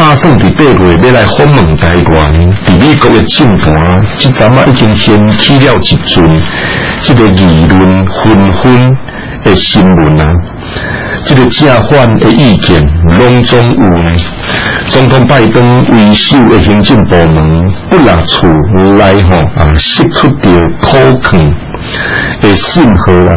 大眾的八月要來訪問台灣，佇美國嘅政府，即陣啊已經掀起了一陣即、這個議論紛紛嘅新聞啊，即、這個正反嘅意見攏總有呢，總統拜登為首的行政部門不拿出來吼啊，失去條可靠嘅信號啊。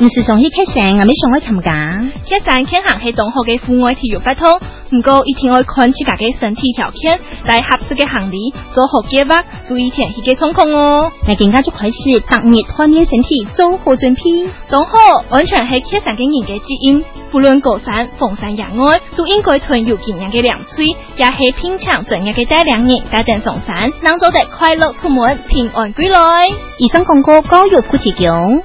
唔是上山，我咪上嚟參加。山上天寒，係同學嘅戶外體育活動，唔過，一定要看自家嘅身體條件，帶合適嘅行李，做好計劃，注意天氣嘅狀況哦。嚟更加就開始逐日鍛煉身體，做好準備。同好安全係山上嘅人嘅基因，不論高山、風山、野外，都應該囤有同樣嘅涼脆，也係品嘗專業嘅帶兩年、帶點上山，讓做得快樂出門，平安歸來。以上廣告，廣告不接強。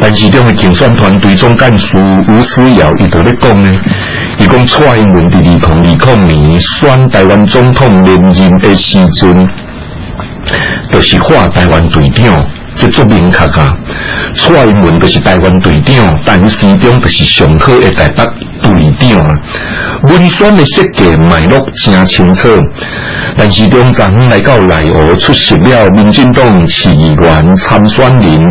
但是陳時中嘅競選團隊總幹事吳思瑤伊佇咧講呢，伊講蔡英文佇二空二空年選台灣總統連任嘅時陣，就是換台灣隊長，即足明確卡、啊。蔡英文就是台灣隊長，但是陳時中就是上好嘅台北隊長。啊。文選嘅設計脈絡真清楚，但是陳時中昨昏來到內湖出席了民進黨議員參選人。